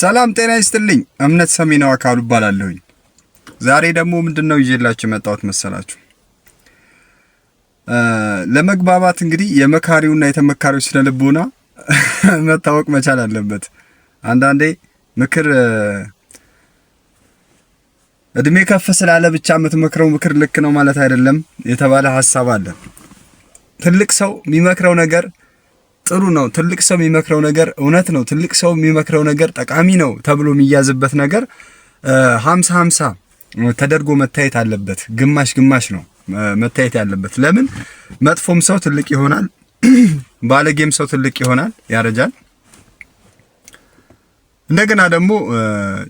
ሰላም ጤና ይስጥልኝ። እምነት ሰሜናው አካሉ እባላለሁኝ። ዛሬ ደግሞ ምንድነው ይዤላችሁ የመጣሁት መሰላችሁ? ለመግባባት እንግዲህ የመካሪውና የተመካሪው ስነ ልቦና መታወቅ መቻል አለበት። አንዳንዴ ምክር እድሜ ከፍ ስላለ ብቻ የምትመክረው ምክር ልክ ነው ማለት አይደለም የተባለ ሀሳብ አለ። ትልቅ ሰው የሚመክረው ነገር ጥሩ ነው፣ ትልቅ ሰው የሚመክረው ነገር እውነት ነው፣ ትልቅ ሰው የሚመክረው ነገር ጠቃሚ ነው ተብሎ የሚያዝበት ነገር ሀምሳ ሀምሳ ተደርጎ መታየት አለበት። ግማሽ ግማሽ ነው መታየት ያለበት። ለምን መጥፎም ሰው ትልቅ ይሆናል፣ ባለጌም ሰው ትልቅ ይሆናል፣ ያረጃል። እንደገና ደግሞ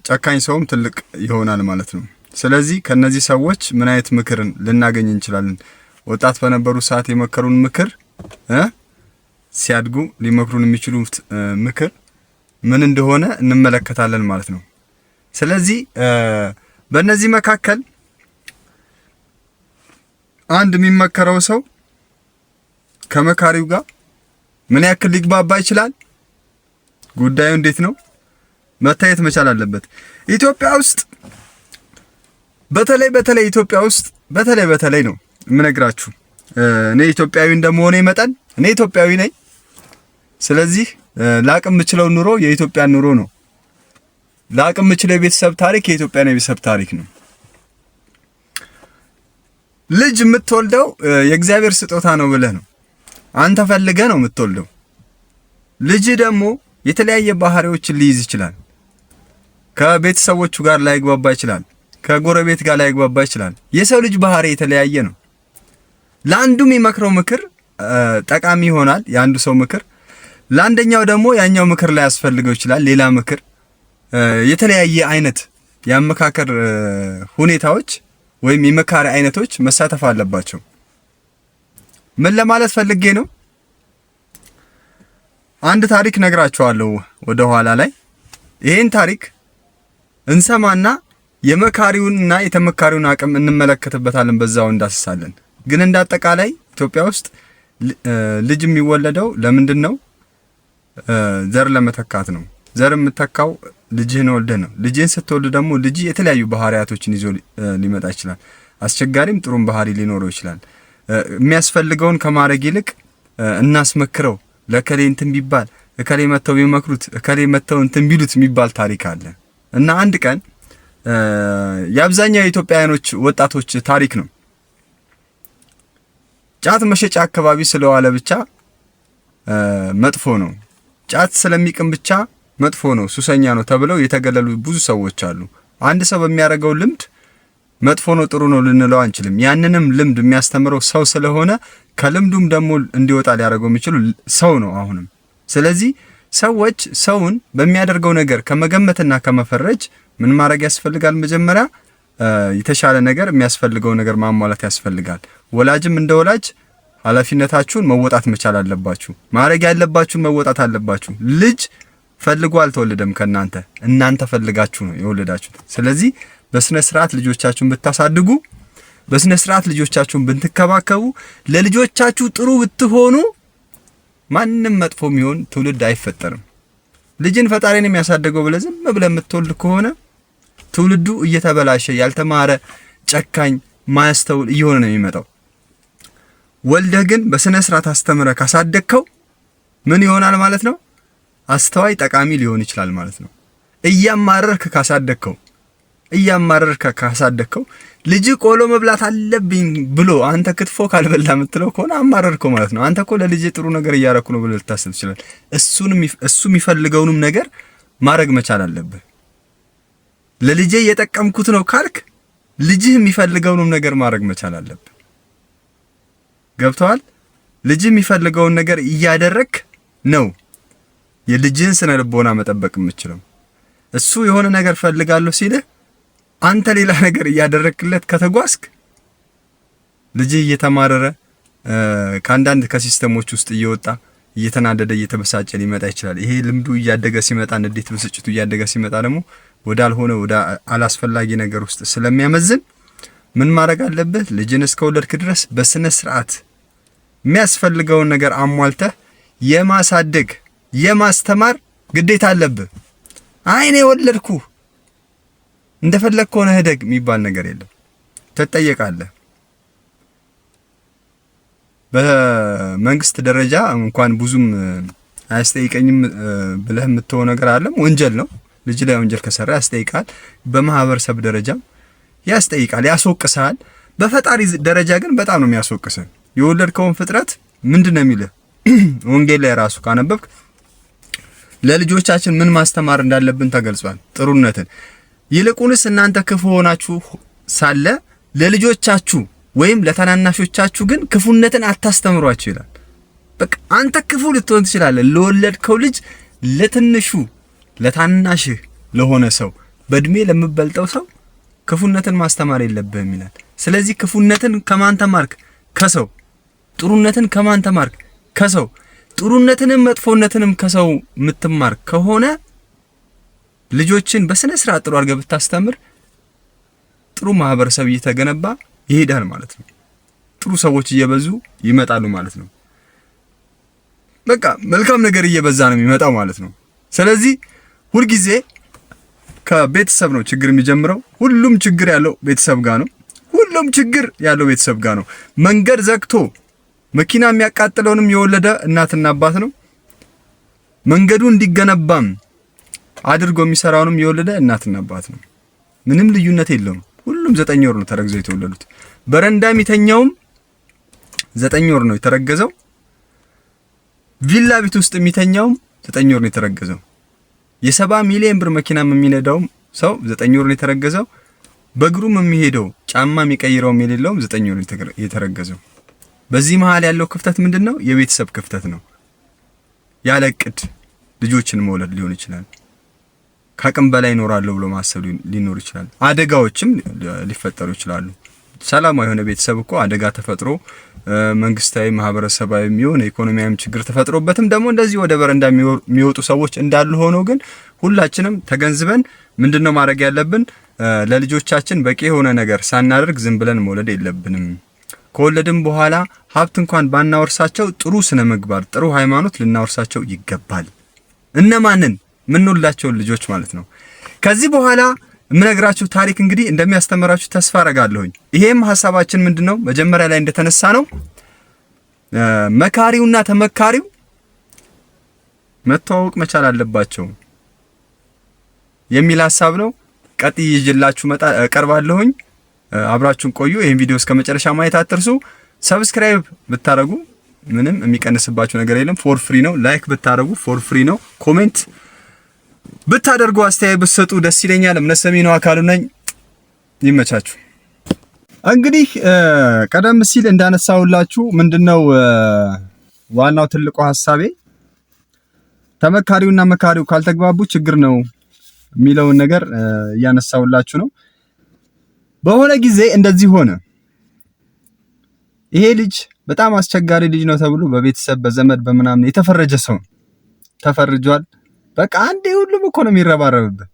ጨካኝ ሰውም ትልቅ ይሆናል ማለት ነው። ስለዚህ ከነዚህ ሰዎች ምን አይነት ምክርን ልናገኝ እንችላለን? ወጣት በነበሩ ሰዓት የመከሩን ምክር ሲያድጉ ሊመክሩን የሚችሉት ምክር ምን እንደሆነ እንመለከታለን ማለት ነው። ስለዚህ በእነዚህ መካከል አንድ የሚመከረው ሰው ከመካሪው ጋር ምን ያክል ሊግባባ ይችላል፣ ጉዳዩ እንዴት ነው መታየት መቻል አለበት። ኢትዮጵያ ውስጥ በተለይ በተለይ ኢትዮጵያ ውስጥ በተለይ በተለይ ነው የምነግራችሁ። እኔ ኢትዮጵያዊ እንደመሆኔ መጠን እኔ ኢትዮጵያዊ ነኝ። ስለዚህ ላቅ የምችለው ኑሮ የኢትዮጵያን ኑሮ ነው። ላቅ የምችለው የቤተሰብ ታሪክ የኢትዮጵያን የቤተሰብ ታሪክ ነው። ልጅ የምትወልደው የእግዚአብሔር ስጦታ ነው ብለህ ነው አንተ ፈልገህ ነው የምትወልደው። ልጅ ደግሞ የተለያየ ባህሪዎችን ሊይዝ ይችላል። ከቤተሰቦቹ ጋር ላይግባባ ይችላል። ከጎረቤት ጋር ላይግባባ ይችላል። የሰው ልጅ ባህሪ የተለያየ ነው። ለአንዱ የሚመክረው ምክር ጠቃሚ ይሆናል፣ የአንዱ ሰው ምክር ለአንደኛው ደግሞ ያኛው ምክር ላይ ያስፈልገው ይችላል ሌላ ምክር፣ የተለያየ አይነት የአመካከር ሁኔታዎች ወይም የመካሪ አይነቶች መሳተፍ አለባቸው። ምን ለማለት ፈልጌ ነው? አንድ ታሪክ ነግራችኋለሁ ወደ ኋላ ላይ። ይሄን ታሪክ እንሰማና የመካሪውንና የተመካሪውን አቅም እንመለከትበታለን፣ በዛው እንዳስሳለን። ግን እንዳጠቃላይ ኢትዮጵያ ውስጥ ልጅ የሚወለደው ለምንድን ነው? ዘር ለመተካት ነው። ዘር የምተካው ልጅህን ወልደ ነው። ልጅህን ስትወልድ ደግሞ ልጅ የተለያዩ ባህሪያቶችን ይዞ ሊመጣ ይችላል። አስቸጋሪም ጥሩም ባህሪ ሊኖረው ይችላል። የሚያስፈልገውን ከማድረግ ይልቅ እናስመክረው ለከሌ እንትን ቢባል እከሌ መተው ቢመክሩት እከሌ መተው እንትን ቢሉት የሚባል ታሪክ አለ እና አንድ ቀን የአብዛኛው የኢትዮጵያውያኖች ወጣቶች ታሪክ ነው። ጫት መሸጫ አካባቢ ስለዋለ ብቻ መጥፎ ነው ጫት ስለሚቅም ብቻ መጥፎ ነው፣ ሱሰኛ ነው ተብለው የተገለሉ ብዙ ሰዎች አሉ። አንድ ሰው በሚያደርገው ልምድ መጥፎ ነው፣ ጥሩ ነው ልንለው አንችልም። ያንንም ልምድ የሚያስተምረው ሰው ስለሆነ ከልምዱም ደግሞ እንዲወጣ ሊያደርገው የሚችሉ ሰው ነው አሁንም። ስለዚህ ሰዎች ሰውን በሚያደርገው ነገር ከመገመትና ከመፈረጅ ምን ማድረግ ያስፈልጋል? መጀመሪያ የተሻለ ነገር የሚያስፈልገው ነገር ማሟላት ያስፈልጋል። ወላጅም እንደ ወላጅ ኃላፊነታችሁን መወጣት መቻል አለባችሁ። ማድረግ ያለባችሁን መወጣት አለባችሁ። ልጅ ፈልጎ አልተወለደም ከእናንተ እናንተ ፈልጋችሁ ነው የወለዳችሁት። ስለዚህ በስነ ስርዓት ልጆቻችሁን ብታሳድጉ፣ በስነ ስርዓት ልጆቻችሁን ብትከባከቡ ለልጆቻችሁ ጥሩ ብትሆኑ ማንም መጥፎ የሚሆን ትውልድ አይፈጠርም። ልጅን ፈጣሪን የሚያሳደገው ብለህ ዝም ብለህ የምትወልድ ከሆነ ትውልዱ እየተበላሸ ያልተማረ፣ ጨካኝ፣ ማያስተውል እየሆነ ነው የሚመጣው። ወልደህ ግን በስነ ስርዓት አስተምረህ ካሳደግከው ምን ይሆናል ማለት ነው? አስተዋይ ጠቃሚ ሊሆን ይችላል ማለት ነው። እያማረርክ ካሳደግከው እያማረርክ ካሳደግከው ልጅ ቆሎ መብላት አለብኝ ብሎ አንተ ክትፎ ካልበላ የምትለው ከሆነ አማረርከው ማለት ነው። አንተ እኮ ለልጅ ጥሩ ነገር እያረኩ ነው ብሎ ልታስብ ይችላል። እሱ የሚፈልገውንም ነገር ማድረግ መቻል አለብህ። ለልጄ የጠቀምኩት ነው ካልክ ልጅህ የሚፈልገውንም ነገር ማድረግ መቻል አለብህ። ገብተዋል። ልጅ የሚፈልገውን ነገር እያደረክ ነው የልጅን ስነ ልቦና መጠበቅ የምችለው። እሱ የሆነ ነገር ፈልጋለሁ ሲልህ አንተ ሌላ ነገር እያደረክለት ከተጓዝክ ልጅ እየተማረረ ከአንዳንድ ከሲስተሞች ውስጥ እየወጣ እየተናደደ እየተበሳጨ ሊመጣ ይችላል። ይሄ ልምዱ እያደገ ሲመጣ፣ ንዴት ብስጭቱ እያደገ ሲመጣ ደግሞ ወዳልሆነ ወደ አላስፈላጊ ነገር ውስጥ ስለሚያመዝን ምን ማድረግ አለበት ልጅን እስከወለድክ ድረስ በስነ ስርዓት የሚያስፈልገውን ነገር አሟልተህ የማሳደግ የማስተማር ግዴታ አለብህ። አይኔ ወለድኩ እንደፈለግ ከሆነ ህደግ የሚባል ነገር የለም። ትጠየቃለህ። በመንግስት ደረጃ እንኳን ብዙም አያስጠይቀኝም ብለህ የምትሆን ነገር አለም። ወንጀል ነው። ልጅ ላይ ወንጀል ከሰራ ያስጠይቃል። በማህበረሰብ ደረጃም ያስጠይቃል፣ ያስወቅሳል። በፈጣሪ ደረጃ ግን በጣም ነው የሚያስወቅስን። የወለድከውን ፍጥረት ምንድን ነው የሚልህ? ወንጌል ላይ ራሱ ካነበብክ ለልጆቻችን ምን ማስተማር እንዳለብን ተገልጿል። ጥሩነትን ይልቁንስ እናንተ ክፉ ሆናችሁ ሳለ ለልጆቻችሁ ወይም ለታናናሾቻችሁ ግን ክፉነትን አታስተምሯቸው ይላል። በቃ አንተ ክፉ ልትሆን ትችላለህ። ለወለድከው ልጅ ለትንሹ፣ ለታናሽህ ለሆነ ሰው፣ በእድሜ ለምበልጠው ሰው ክፉነትን ማስተማር የለብህም ይላል። ስለዚህ ክፉነትን ከማን ተማርክ? ከሰው ጥሩነትን ከማን ተማርክ? ከሰው። ጥሩነትንም መጥፎነትንም ከሰው የምትማር ከሆነ ልጆችን በስነ ስርዓት ጥሩ አድርገህ ብታስተምር ጥሩ ማህበረሰብ እየተገነባ ይሄዳል ማለት ነው። ጥሩ ሰዎች እየበዙ ይመጣሉ ማለት ነው። በቃ መልካም ነገር እየበዛ ነው የሚመጣው ማለት ነው። ስለዚህ ሁልጊዜ ከቤተሰብ ነው ችግር የሚጀምረው። ሁሉም ችግር ያለው ቤተሰብ ጋር ነው። ሁሉም ችግር ያለው ቤተሰብ ጋር ነው። መንገድ ዘግቶ መኪና የሚያቃጥለውንም የወለደ እናትና አባት ነው። መንገዱ እንዲገነባም አድርጎ የሚሰራውንም የወለደ እናትና አባት ነው። ምንም ልዩነት የለውም። ሁሉም ዘጠኝ ወር ነው ተረግዘው የተወለዱት። በረንዳ የሚተኛውም ዘጠኝ ወር ነው የተረገዘው። ቪላ ቤት ውስጥ የሚተኛውም ዘጠኝ ወር ነው የተረገዘው። የሰባ ሚሊዮን ብር መኪናም የሚነዳውም ሰው ዘጠኝ ወር ነው የተረገዘው። በእግሩም የሚሄደው ጫማ የሚቀይረውም የሌለውም ዘጠኝ ወር ነው የተረገዘው። በዚህ መሀል ያለው ክፍተት ምንድን ነው? የቤተሰብ ክፍተት ነው። ያለ እቅድ ልጆችን መውለድ ሊሆን ይችላል። ከአቅም በላይ ይኖራለሁ ብሎ ማሰብ ሊኖር ይችላል። አደጋዎችም ሊፈጠሩ ይችላሉ። ሰላማዊ የሆነ ቤተሰብ እኮ አደጋ ተፈጥሮ መንግስታዊ፣ ማህበረሰባዊ የሆነ ኢኮኖሚያዊ ችግር ተፈጥሮበትም ደግሞ እንደዚህ ወደ በረንዳ የሚወጡ ሰዎች እንዳሉ ሆነው ግን ሁላችንም ተገንዝበን ምንድን ነው ማድረግ ያለብን? ለልጆቻችን በቂ የሆነ ነገር ሳናደርግ ዝም ብለን መውለድ የለብንም። ከወለድም በኋላ ሀብት እንኳን ባናወርሳቸው ጥሩ ስነ ምግባር፣ ጥሩ ሃይማኖት ልናወርሳቸው ይገባል። እነማንን ምንላቸውን ልጆች ማለት ነው። ከዚህ በኋላ የምነግራችሁ ታሪክ እንግዲህ እንደሚያስተምራችሁ ተስፋ አረጋለሁኝ። ይሄም ሀሳባችን ምንድነው መጀመሪያ ላይ እንደተነሳ ነው መካሪውና ተመካሪው መተዋወቅ መቻል አለባቸው የሚል ሀሳብ ነው። ቀጥ ይዤላችሁ እቀርባለሁኝ። አብራችሁን ቆዩ። ይህን ቪዲዮ እስከ መጨረሻ ማየት አትርሱ። ሰብስክራይብ ብታረጉ ምንም የሚቀንስባችሁ ነገር የለም፣ ፎር ፍሪ ነው። ላይክ ብታረጉ ፎር ፍሪ ነው። ኮሜንት ብታደርጉ አስተያየት ብትሰጡ ደስ ይለኛል። እምነት ነው አካሉ ነኝ። ይመቻችሁ። እንግዲህ ቀደም ሲል እንዳነሳውላችሁ ምንድነው ዋናው ትልቁ ሀሳቤ ተመካሪውና መካሪው ካልተግባቡ ችግር ነው የሚለውን ነገር እያነሳውላችሁ ነው። በሆነ ጊዜ እንደዚህ ሆነ። ይሄ ልጅ በጣም አስቸጋሪ ልጅ ነው ተብሎ በቤተሰብ በዘመድ በምናምን የተፈረጀ ሰው ተፈርጇል። በቃ አንዴ ሁሉም እኮ ነው የሚረባረብብህ።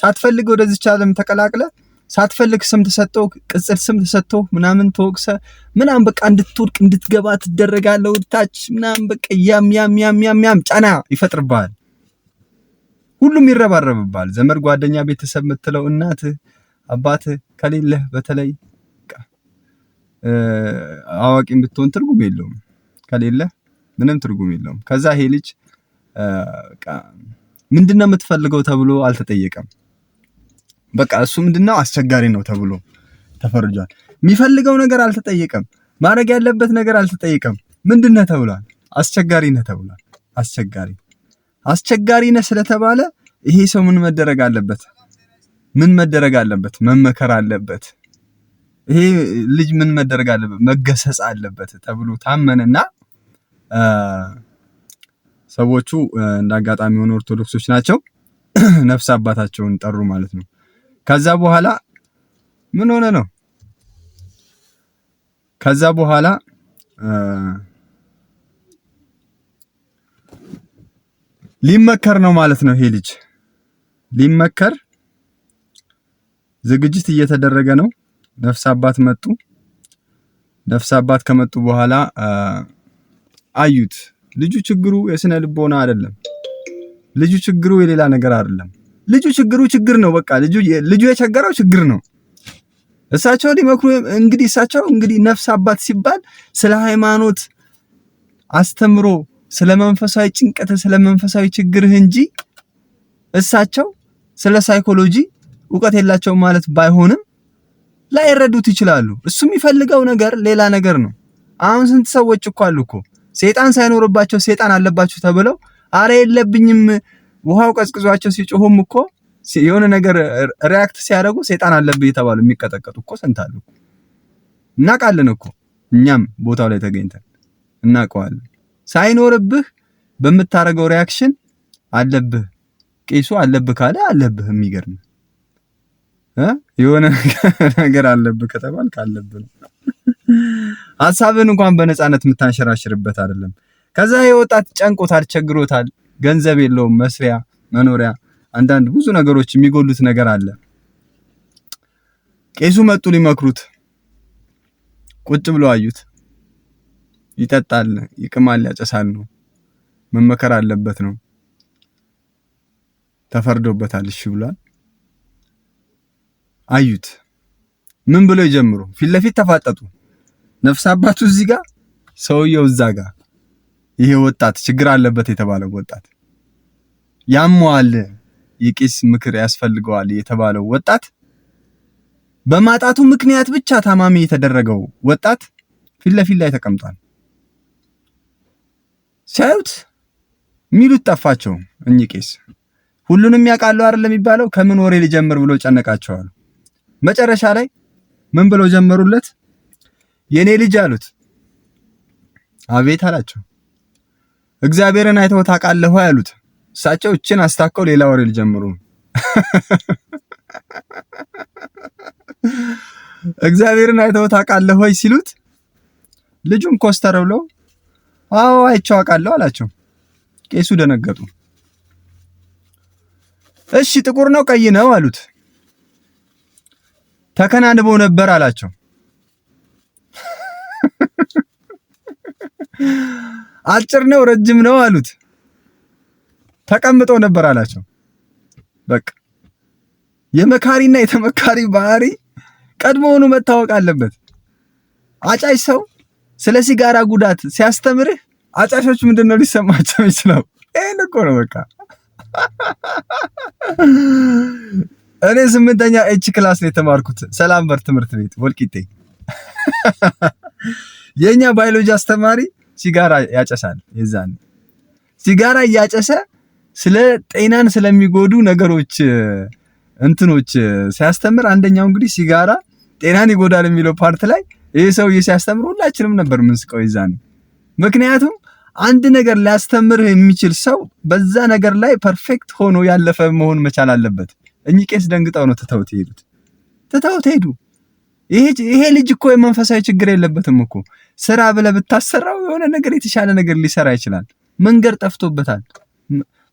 ሳትፈልግ ወደዚህ ዓለም ተቀላቅለ ሳትፈልግ ስም ተሰጥቶ ቅጽል ስም ተሰጥቶ ምናምን ተወቅሰ ምናምን በቃ እንድትወድቅ እንድትገባ ትደረጋለህ። ታች ምናምን በቃ ያም ያም ያም ያም ያም ጫና ይፈጥርብሃል። ሁሉም ይረባረብብሃል። ዘመድ ጓደኛ፣ ቤተሰብ የምትለው እናትህ አባት ከሌለህ በተለይ አዋቂም ብትሆን ትርጉም የለውም። ከሌለህ ምንም ትርጉም የለውም። ከዛ ይሄ ልጅ ምንድነው የምትፈልገው ተብሎ አልተጠየቀም። በቃ እሱ ምንድነው አስቸጋሪ ነው ተብሎ ተፈርጇል። የሚፈልገው ነገር አልተጠየቀም። ማድረግ ያለበት ነገር አልተጠየቀም። ምንድነህ ተብሏል። አስቸጋሪ ነህ ተብሏል። አስቸጋሪ አስቸጋሪ ነህ ስለተባለ ይሄ ሰው ምን መደረግ አለበት? ምን መደረግ አለበት? መመከር አለበት። ይሄ ልጅ ምን መደረግ አለበት? መገሰጽ አለበት ተብሎ ታመነና ሰዎቹ እንደ አጋጣሚ የሆኑ ኦርቶዶክሶች ናቸው። ነፍስ አባታቸውን ጠሩ ማለት ነው። ከዛ በኋላ ምን ሆነ ነው? ከዛ በኋላ ሊመከር ነው ማለት ነው። ይሄ ልጅ ሊመከር ዝግጅት እየተደረገ ነው። ነፍስ አባት መጡ። ነፍስ አባት ከመጡ በኋላ አዩት። ልጁ ችግሩ የስነ ልቦና አይደለም። ልጁ ችግሩ የሌላ ነገር አይደለም። ልጁ ችግሩ ችግር ነው። በቃ ልጁ ልጁ የቸገረው ችግር ነው። እሳቸው ሊመክሩ እንግዲህ እሳቸው እንግዲህ ነፍስ አባት ሲባል ስለ ሃይማኖት አስተምሮ ስለ መንፈሳዊ ጭንቀት ስለ መንፈሳዊ ችግርህ እንጂ እሳቸው ስለ ሳይኮሎጂ እውቀት የላቸውም ማለት ባይሆንም ላይረዱት ይችላሉ። እሱ የሚፈልገው ነገር ሌላ ነገር ነው። አሁን ስንት ሰዎች እኮ አሉ እኮ ሴጣን ሳይኖርባቸው ሴጣን አለባቸው ተብለው አረ የለብኝም ውሃው ቀዝቅዟቸው ሲጮሁም እኮ የሆነ ነገር ሪያክት ሲያደርጉ ሴጣን አለብኝ የተባሉ የሚቀጠቀጡ እኮ ስንት አሉ። እናቃለን እኮ እኛም ቦታው ላይ ተገኝተን እናቀዋለን? ሳይኖርብህ በምታደርገው ሪያክሽን አለብህ ቄሱ አለብህ ካለ አለብህ የሚገርም የሆነ ነገር አለብህ ከተባል አለብህ ነው። ሀሳብህን እንኳን በነፃነት የምታንሸራሽርበት አይደለም። ከዛ የወጣት ጨንቆታል፣ ቸግሮታል፣ ገንዘብ የለውም፣ መስሪያ መኖሪያ፣ አንዳንድ ብዙ ነገሮች የሚጎሉት ነገር አለ። ቄሱ መጡ ሊመክሩት፣ ቁጭ ብሎ አዩት። ይጠጣል፣ ይቅማል፣ ያጨሳል ነው መመከር አለበት ነው ተፈርዶበታል። እሺ ብሏል። አዩት። ምን ብሎ ይጀምሩ? ፊት ለፊት ተፋጠጡ። ነፍስ አባቱ እዚህ ጋር፣ ሰውየው እዛ ጋር። ይሄ ወጣት ችግር አለበት የተባለው ወጣት ያመዋል፣ የቄስ ምክር ያስፈልገዋል የተባለው ወጣት በማጣቱ ምክንያት ብቻ ታማሚ የተደረገው ወጣት ፊት ለፊት ላይ ተቀምጧል። ሲያዩት ሚሉት ጠፋቸው። እኚህ ቄስ ሁሉንም ያውቃሉ አይደል የሚባለው፣ ከምን ወሬ ሊጀምር ብሎ ጨነቃቸዋል። መጨረሻ ላይ ምን ብለው ጀመሩለት? የኔ ልጅ አሉት። አቤት አላቸው። እግዚአብሔርን አይተው ታውቃለህ ወይ አሉት። እሳቸው እችን አስታከው ሌላ ወሬ ጀመሩ። እግዚአብሔርን አይተው ታውቃለህ ወይ ሲሉት ልጁን ኮስተር ብሎ አዎ አይቼው አውቃለሁ አላቸው። ቄሱ ደነገጡ። እሺ ጥቁር ነው ቀይ ነው አሉት። ተከናንበው ነበር አላቸው። አጭር ነው ረጅም ነው አሉት። ተቀምጠው ነበር አላቸው። በቃ የመካሪና የተመካሪ ባህሪ ቀድሞውኑ መታወቅ አለበት። አጫሽ ሰው ስለ ሲጋራ ጉዳት ሲያስተምርህ አጫሾች ምንድን ነው ሊሰማቸው ይችላል? ይህን እኮ ነው በቃ እኔ ስምንተኛ ኤች ክላስ ነው የተማርኩት ሰላም በር ትምህርት ቤት ወልቂጤ። የኛ ባዮሎጂ አስተማሪ ሲጋራ ያጨሳል። የዛን ሲጋራ እያጨሰ ስለ ጤናን ስለሚጎዱ ነገሮች እንትኖች ሲያስተምር አንደኛው እንግዲህ ሲጋራ ጤናን ይጎዳል የሚለው ፓርት ላይ ይህ ሰውዬ ሲያስተምር ሁላችንም ነበር ምንስቀው ይዛን። ምክንያቱም አንድ ነገር ሊያስተምርህ የሚችል ሰው በዛ ነገር ላይ ፐርፌክት ሆኖ ያለፈ መሆን መቻል አለበት። እኚህ ቄስ ደንግጠው ነው ትተውት ሄዱት። ትተውት ሄዱ። ይሄ ልጅ እኮ የመንፈሳዊ ችግር የለበትም እኮ ስራ ብለህ ብታሰራው የሆነ ነገር የተሻለ ነገር ሊሰራ ይችላል። መንገድ ጠፍቶበታል።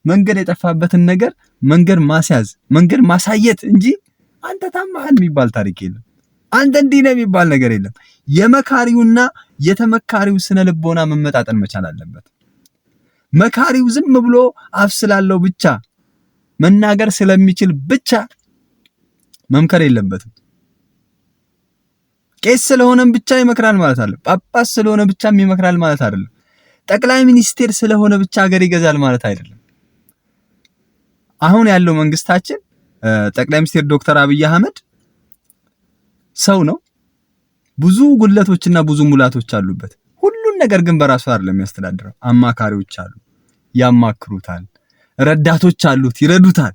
መንገድ የጠፋበትን ነገር መንገድ ማስያዝ መንገድ ማሳየት እንጂ አንተ ታማሃል የሚባል ታሪክ የለም። አንተ እንዲህ ነው የሚባል ነገር የለም። የመካሪውና የተመካሪው ስነ ልቦና መመጣጠን መቻል አለበት። መካሪው ዝም ብሎ አፍ ስላለው ብቻ መናገር ስለሚችል ብቻ መምከር የለበትም። ቄስ ስለሆነም ብቻ ይመክራል ማለት አይደለም። ጳጳስ ስለሆነ ብቻም ይመክራል ማለት አይደለም። ጠቅላይ ሚኒስቴር ስለሆነ ብቻ ሀገር ይገዛል ማለት አይደለም። አሁን ያለው መንግስታችን ጠቅላይ ሚኒስቴር ዶክተር አብይ አህመድ ሰው ነው። ብዙ ጉለቶችና ብዙ ሙላቶች አሉበት። ሁሉን ነገር ግን በራሱ አይደለም የሚያስተዳድረው። አማካሪዎች አሉ፣ ያማክሩታል ረዳቶች አሉት፣ ይረዱታል።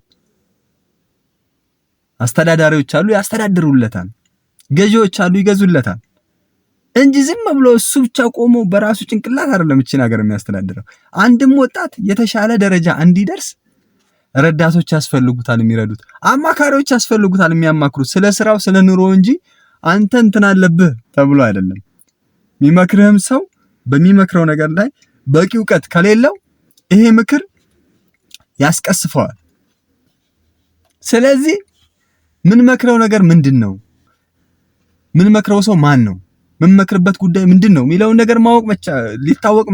አስተዳዳሪዎች አሉ፣ ያስተዳድሩለታል። ገዢዎች አሉ፣ ይገዙለታል እንጂ ዝም ብሎ እሱ ብቻ ቆሞ በራሱ ጭንቅላት አይደለም እቺን ሀገር የሚያስተዳድረው። አንድም ወጣት የተሻለ ደረጃ እንዲደርስ ረዳቶች ያስፈልጉታል፣ የሚረዱት አማካሪዎች ያስፈልጉታል፣ የሚያማክሩት ስለ ስራው ስለ ኑሮ እንጂ አንተ እንትን አለብህ ተብሎ አይደለም። የሚመክርህም ሰው በሚመክረው ነገር ላይ በቂ እውቀት ከሌለው ይሄ ምክር ያስቀስፈዋል። ስለዚህ ምን መክረው ነገር ምንድን ነው? ምን መክረው ሰው ማን ነው? መክርበት ጉዳይ ምንድን ነው የሚለውን ነገር ማወቅ መቻ ሊታወቅ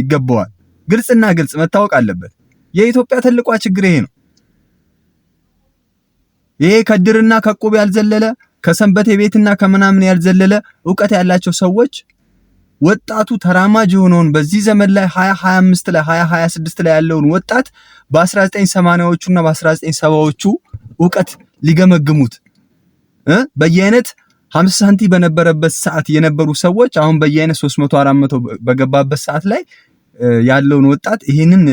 ይገባዋል። ግልጽና ግልጽ መታወቅ አለበት። የኢትዮጵያ ትልቋ ችግር ይሄ ነው። ይሄ ከድርና ከቁብ ያልዘለለ ከሰንበት የቤትና ከምናምን ያልዘለለ እውቀት ያላቸው ሰዎች ወጣቱ ተራማጅ የሆነውን በዚህ ዘመን ላይ 2025 ላይ 2026 ላይ ያለውን ወጣት በ1980ዎቹ እና በ1970ዎቹ እውቀት ሊገመግሙት በየአይነት 50 ሳንቲ በነበረበት ሰዓት የነበሩ ሰዎች አሁን በየአይነት 300 400 በገባበት ሰዓት ላይ ያለውን ወጣት ይህንን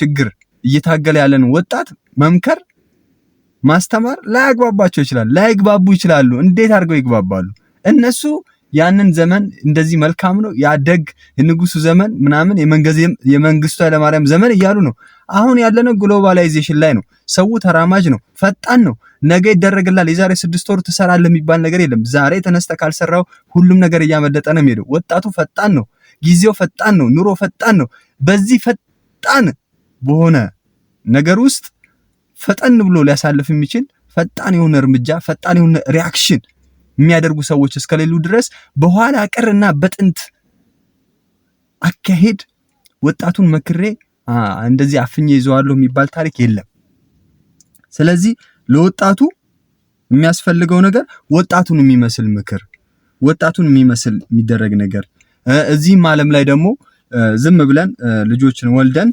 ችግር እየታገለ ያለን ወጣት መምከር ማስተማር ላያግባባቸው ይችላል። ላይግባቡ ይችላሉ። እንዴት አድርገው ይግባባሉ? እነሱ ያንን ዘመን እንደዚህ መልካም ነው ያደግ የንጉሱ ዘመን ምናምን የመንግስቱ ኃይለማርያም ዘመን እያሉ ነው። አሁን ያለነው ግሎባላይዜሽን ላይ ነው። ሰው ተራማጅ ነው፣ ፈጣን ነው። ነገ ይደረግላል የዛሬ ስድስት ወር ትሰራለህ የሚባል ነገር የለም። ዛሬ ተነስተህ ካልሰራው ሁሉም ነገር እያመለጠ ነው የሚሄደው። ወጣቱ ፈጣን ነው፣ ጊዜው ፈጣን ነው፣ ኑሮ ፈጣን ነው። በዚህ ፈጣን በሆነ ነገር ውስጥ ፈጠን ብሎ ሊያሳልፍ የሚችል ፈጣን የሆነ እርምጃ ፈጣን የሆነ ሪያክሽን የሚያደርጉ ሰዎች እስከሌሉ ድረስ በኋላ ቀርና በጥንት አካሄድ ወጣቱን መክሬ እንደዚህ አፍኜ ይዘዋለሁ የሚባል ታሪክ የለም። ስለዚህ ለወጣቱ የሚያስፈልገው ነገር ወጣቱን የሚመስል ምክር፣ ወጣቱን የሚመስል የሚደረግ ነገር እዚህም ዓለም ላይ ደግሞ ዝም ብለን ልጆችን ወልደን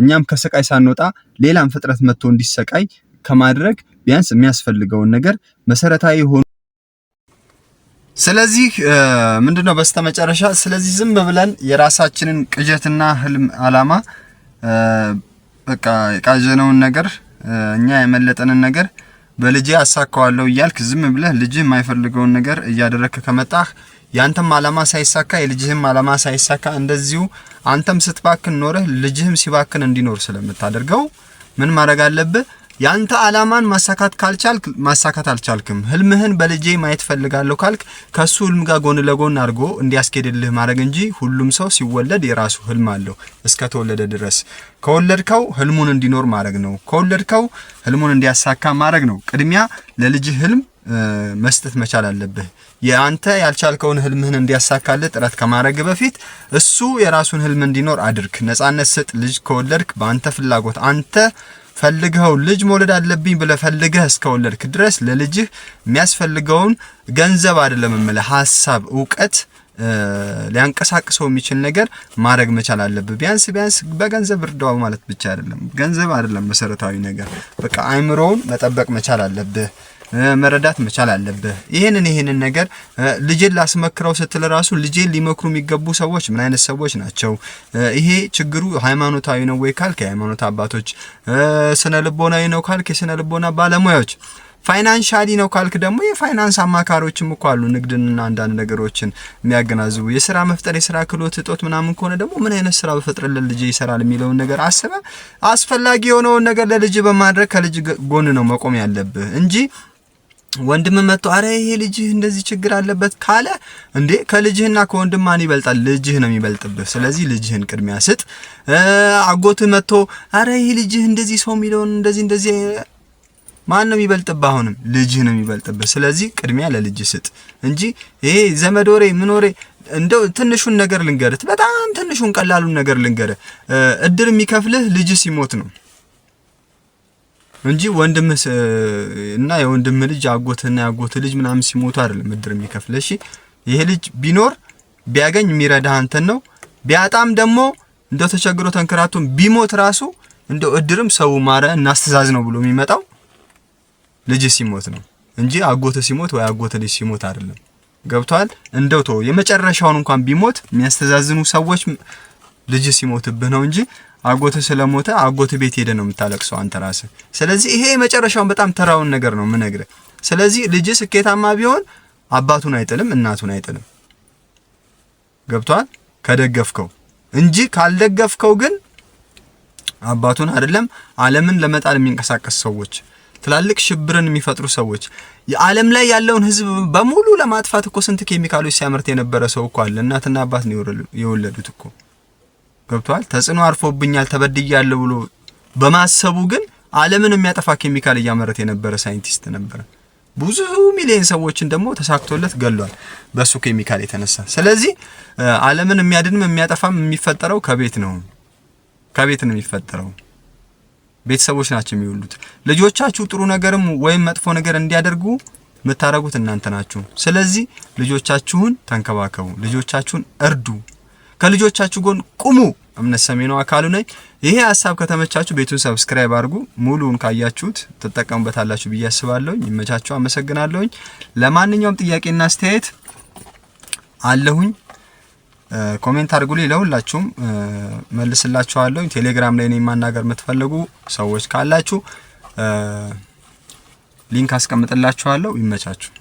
እኛም ከሰቃይ ሳንወጣ ሌላም ፍጥረት መጥቶ እንዲሰቃይ ከማድረግ ቢያንስ የሚያስፈልገውን ነገር መሰረታዊ ሆኖ ስለዚህ ምንድነው በስተመጨረሻ ስለዚህ ዝም ብለን የራሳችንን ቅጀትና ህልም አላማ በቃ የቃዠነውን ነገር እኛ የመለጠንን ነገር በልጅ አሳካዋለሁ እያልክ ዝም ብለህ ልጅ የማይፈልገውን ነገር እያደረክ ከመጣህ ያንተም አላማ ሳይሳካ የልጅህም አላማ ሳይሳካ እንደዚሁ አንተም ስትባክን ኖረህ ልጅህም ሲባክን እንዲኖር ስለምታደርገው ምን ማድረግ አለብህ? ያንተ አላማን ማሳካት ካልቻልክ ማሳካት አልቻልክም፣ ህልምህን በልጄ ማየት ፈልጋለሁ ካልክ ከሱ ህልም ጋር ጎን ለጎን አድርጎ እንዲያስኬድልህ ማድረግ እንጂ ሁሉም ሰው ሲወለድ የራሱ ህልም አለው እስከ ተወለደ ድረስ። ከወለድከው ህልሙን እንዲኖር ማድረግ ነው። ከወለድከው ህልሙን እንዲያሳካ ማድረግ ነው። ቅድሚያ ለልጅህ ህልም መስጠት መቻል አለብህ። የአንተ ያልቻልከውን ህልምህን እንዲያሳካልህ ጥረት ከማድረግ በፊት እሱ የራሱን ህልም እንዲኖር አድርግ። ነጻነት ስጥ። ልጅ ከወለድክ በአንተ ፍላጎት አንተ ፈልገው ልጅ መውለድ አለብኝ ብለህ ፈልገህ እስከወለድክ ድረስ ለልጅህ የሚያስፈልገውን ገንዘብ አይደለም የምልህ ሀሳብ፣ እውቀት ሊያንቀሳቅሰው የሚችል ነገር ማድረግ መቻል አለብህ። ቢያንስ ቢያንስ በገንዘብ እርዳው ማለት ብቻ አይደለም። ገንዘብ አይደለም መሰረታዊ ነገር፣ በቃ አእምሮውን መጠበቅ መቻል አለብህ። መረዳት መቻል አለብህ። ይህንን ይህንን ነገር ልጄን ላስመክረው ስትል ራሱ ልጄን ሊመክሩ የሚገቡ ሰዎች ምን አይነት ሰዎች ናቸው? ይሄ ችግሩ ሃይማኖታዊ ነው ወይ ካልክ የሃይማኖት አባቶች፣ ስነ ልቦናዊ ነው ካልክ የስነ ልቦና ባለሙያዎች ፋይናንሻሊ ነው ካልክ ደግሞ የፋይናንስ አማካሪዎችም እኮ አሉ፣ ንግድንና አንዳንድ ነገሮችን የሚያገናዝቡ የስራ መፍጠር የስራ ክህሎት እጦት ምናምን ከሆነ ደግሞ ምን አይነት ስራ በፈጥርልን ልጅ ይሰራል የሚለውን ነገር አስበ አስፈላጊ የሆነውን ነገር ለልጅ በማድረግ ከልጅ ጎን ነው መቆም ያለብህ እንጂ ወንድም መጥቶ አረ ይሄ ልጅህ እንደዚህ ችግር አለበት ካለ፣ እንዴ ከልጅህና ከወንድም ማን ይበልጣል? ልጅህ ነው የሚበልጥብህ። ስለዚህ ልጅህን ቅድሚያ ስጥ። አጎትህ መጥቶ አረ ይሄ ልጅህ እንደዚህ ሰው የሚለውን እንደዚህ እንደዚህ ማን ነው የሚበልጥብህ? አሁንም ልጅህ ነው የሚበልጥብህ። ስለዚህ ቅድሚያ ለልጅ ስጥ እንጂ ይሄ ምን ምኖሬ እንደው ትንሹን ነገር ልንገርህ፣ በጣም ትንሹን ቀላሉን ነገር ልንገርህ፣ እድር የሚከፍልህ ልጅ ሲሞት ነው። እንጂ ወንድም እና የወንድም ልጅ አጎትና ያጎት ልጅ ምናምን ሲሞቱ አይደለም እድር የሚከፍልህ። እሺ ይሄ ልጅ ቢኖር ቢያገኝ የሚረዳህ አንተን ነው። ቢያጣም ደግሞ እንደው ተቸግሮ ተንከራቱን ቢሞት ራሱ እንደው እድርም ሰው ማረ እናስተዛዝ ነው ብሎ የሚመጣው ልጅ ሲሞት ነው እንጂ አጎት ሲሞት ወይ አጎት ልጅ ሲሞት አይደለም። ገብቷል። እንደው ተው የመጨረሻውን እንኳን ቢሞት የሚያስተዛዝኑ ሰዎች ልጅ ሲሞትብህ ነው እንጂ አጎት ስለሞተ አጎት ቤት ሄደ ነው የምታለቅሰው አንተ ራስህ። ስለዚህ ይሄ የመጨረሻውን በጣም ተራውን ነገር ነው የምነግርህ። ስለዚህ ልጅ ስኬታማ ቢሆን አባቱን አይጥልም፣ እናቱን አይጥልም። ገብቷል? ከደገፍከው እንጂ ካልደገፍከው ግን አባቱን አይደለም ዓለምን ለመጣል የሚንቀሳቀስ ሰዎች፣ ትላልቅ ሽብርን የሚፈጥሩ ሰዎች፣ የዓለም ላይ ያለውን ሕዝብ በሙሉ ለማጥፋት እኮ ስንት ኬሚካሎች ሲያመርት የነበረ ሰው እኮ አለ። እናትና አባት ነው የወለዱት እኮ ገብቷል። ተጽዕኖ አርፎብኛል ተበድያለሁ ብሎ በማሰቡ ግን ዓለምን የሚያጠፋ ኬሚካል እያመረተ የነበረ ሳይንቲስት ነበረ። ብዙ ሚሊዮን ሰዎችን ደግሞ ተሳክቶለት ገሏል በሱ ኬሚካል የተነሳ። ስለዚህ ዓለምን የሚያድንም የሚያጠፋም የሚፈጠረው ከቤት ነው። ከቤት ነው የሚፈጠረው። ቤተሰቦች ናቸው የሚውሉት። ልጆቻችሁ ጥሩ ነገርም ወይም መጥፎ ነገር እንዲያደርጉ የምታደርጉት እናንተ ናችሁ። ስለዚህ ልጆቻችሁን ተንከባከቡ፣ ልጆቻችሁን እርዱ። ከልጆቻችሁ ጎን ቁሙ። እምነት ሰሜኑ አካሉ ነኝ። ይሄ ሀሳብ ከተመቻችሁ ቤቱን ሰብስክራይብ አድርጉ። ሙሉውን ካያችሁት ትጠቀሙበታላችሁ ብዬ አስባለሁ ይመቻችሁ። አመሰግናለሁኝ። ለማንኛውም ጥያቄና አስተያየት አለሁኝ ኮሜንት አድርጉልኝ። ለሁላችሁም መልስላችኋለሁ። ቴሌግራም ላይ እኔ ማናገር የምትፈልጉ ሰዎች ካላችሁ ሊንክ አስቀምጥላችኋለሁ። ይመቻችሁ።